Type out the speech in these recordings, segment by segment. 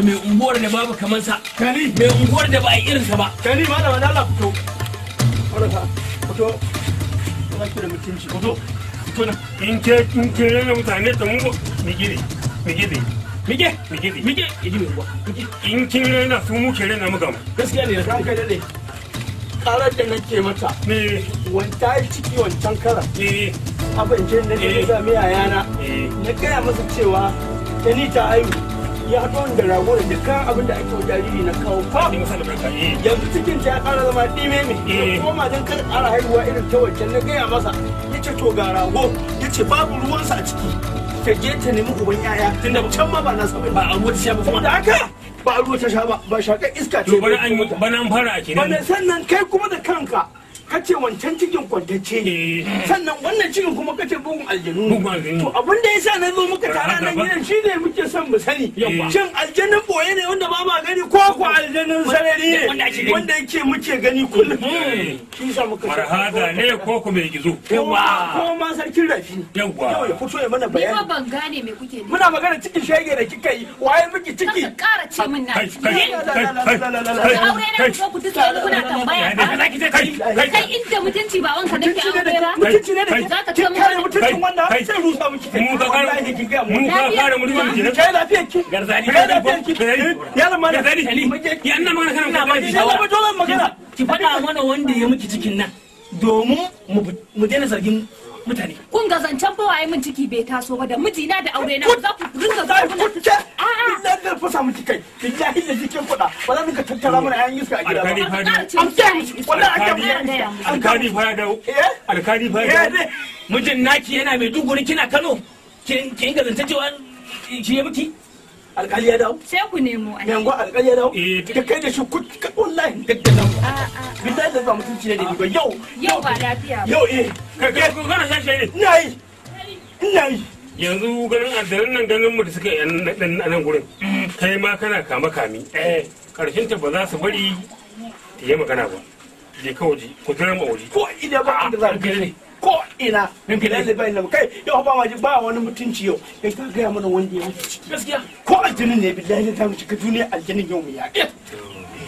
ka mai unguwar da babu kamar sa kani mai unguwar da ba a irin sa ba kani ma da wadala fito wadala fito fito na in ke in ke ne mutane da mu mi gidi mi gidi Mike, Mike, Mike, yaji mai ruwa. In kin na su mu ke raina muka mu. Gaskiya ne, ranka dade. Karar da nake mata. Me? Wanta ciki wancan karan. Eh. Abin jin da ne ga miya yana. Na gaya masa cewa ta ta haihu. ya haɗu da rago da jika abin da ake wa jariri na kawo fa eh. yanzu cikin ta ya ƙara zama ɗime mi kuma majin kar ƙara haihuwa irin ta wancan na gaya masa ya ce to ga rago ya ce babu ruwansa a ciki ta je ta nemi uban yaya tunda can ma ba na bai ba a ruwa ta sha ba kuma da haka ba a ruwa ta sha ba ba shaƙar iska ce bana an fara a kenan sannan kai kuma da kanka kace wancan cikin kwantacce ne sannan wannan cikin kuma kace bugun aljanu to abin da yasa na zo muka tara nan gidan shine muke son mu sani shin aljanun boye ne wanda ba ma gani ko ko aljanun sarari ne wanda yake muke gani kullum hmm. shi sa muka ne ko ko mai gizo yawa ko ma sarkin rafi yawa yau ya fito ya mana bayani ni ban gane me kuke ne muna magana cikin shege da kika yi waye miki ciki ka kara ce min na kai kai kai kai kai kai kai kai kai kai kai kai kai kai kai kai kai kai inda mutunci ba wanka nake aure ba mutunci ne da ke zaka ce mun mutuncin wannan sai rusa miki kai mu ka kare mutunci ga mu ka kare mutunci ne kai fiye ki garzani kai fiye ki yaron ma da zani ya annan magana kana kana ba shi ba dole magana ki faɗa mana wanda ya miki cikin nan domin mu daina zargin mutane. Kun ga zancen bawa ya min ciki bai taso ba da mijina da aure na za ku rinka zargin. Kuke! Ina da fasa miki kai, ina da jikin kuɗa. wala duka tattara mana ayan iska a gida alkali fa alkali fa alkali fa mijin naki yana mai duguri kina Kano kin kin gazanta cewa ki yi miki alkali ya dawo sai ku nemo ai yango alkali ya dawo da kai da shi ku online da da dawo bi da da mutunci ne da ba yau yau ba lafiya ba. yau eh ka ga ku kana san shi ina yi ina yi yanzu garin addarin nan ganin mu da suka yi nan gurin kai ma kana kama kami eh karshen ta ba za su bari ta yi magana ba je ka waje ku zira ma waje ko ina ba inda za ka gane ko ina lalle ba ina kai yau ba waje ba wani mutunci yau ya ta gaya mana wanda ya gaskiya ko aljinin ne bi lalle ta mu ka duniya aljinin yau mu yaƙe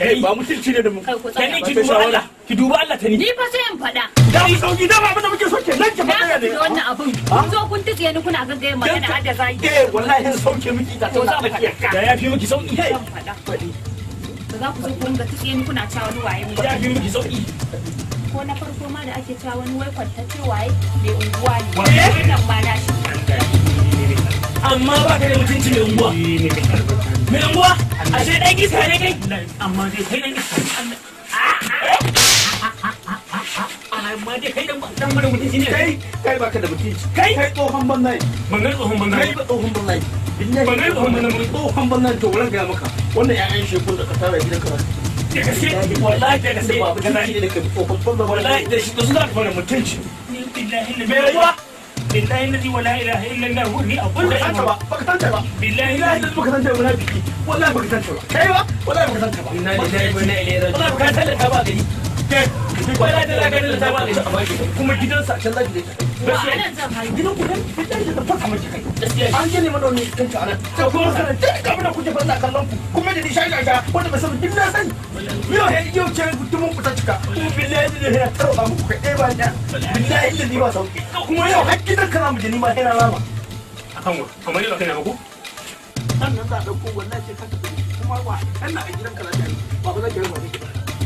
eh. ba mutunci ne da mu kai ki duba Allah ki duba Allah ta ni ni fa sai in faɗa da mu sauki da muke so ke nan ki faɗa ne wannan kun zo kun ni kuna gaggaya magana har da zai eh wallahi sauke miki ta miki sauki ba za ku zo kun ga tuke ni kuna cewa wani waye mu ya miki sauki ko na farko ma da ake cewa wani wai kwantacce waye mai unguwa ne wannan eh, ba na shi amma ba ka da mutunci mai unguwa mai unguwa ashe dan iska ne kai amma dai kai dan iska amma dai kai dan mara mutunci ne kai kai baka da mutunci kai kai tsohon banzai ban ga tsohon banzai kai ba tsohon banzai ban ga tsohon banzai tsohon banzai to wurin ga maka wannan ƴaƴan shekun da ka tara gidan ka da gaske wallahi da gaske da da da da kuma gidansa can zaki je ba a da da da yau da da har gidan kana mu je ni ma sai na akan wa kamar yau kai na ku sannan za a dauko wallahi sai ka tafi kuma wa kana a gidan kana ba ba za ki rama ne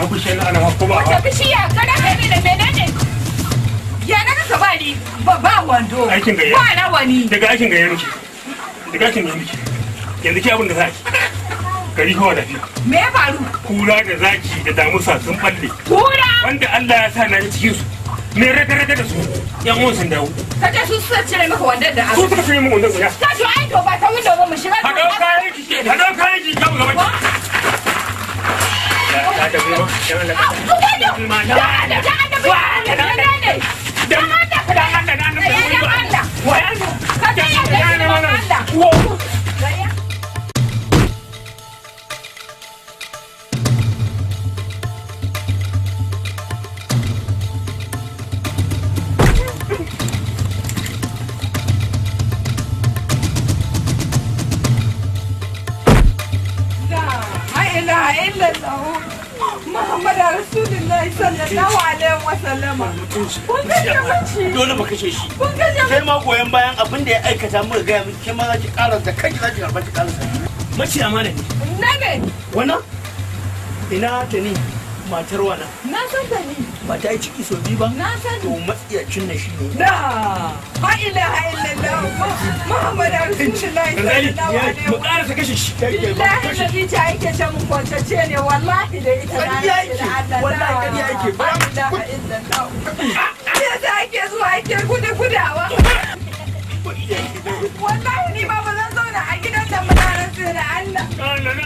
a bushe na ana kuma wata bishiya kana kai da menene ya na ka ba ni ba wando aikin gayya ba na wani daga aikin gayya miki daga aikin gayya miki yanzu ki abin da zaki gari kowa da fi me ya faru kura da zaki da damusa sun balle kura wanda Allah ya sa na cikin su me raga-raga da su yan uwan sun dawo ka je su suka cire maka wandon da aka su suka cire maka wandon guda ka to ai to ba ta window ba mu shiga ka dauka Jangan, jangan, jangan. Jangan, jangan, jangan. sallallahu alaihi wasallama kun kashe mace dole ba kashe shi kun kashe kai ma goyen bayan abin da ya aikata muka gaya miki kai ma za ki karanta kai za ki karanta mace amana ne na ne wannan ina tani matar wana na san da ni ba ta yi ciki so biyu ba na san to matsiyacin na shi ne da ha ila ha muhammad wa mu kashe shi ne wallahi da ita na wallahi kadi yake ila ya da ake zuwa ake gudu gudawa wallahi ni ba ba zan zauna a gidan da mutanen da Allah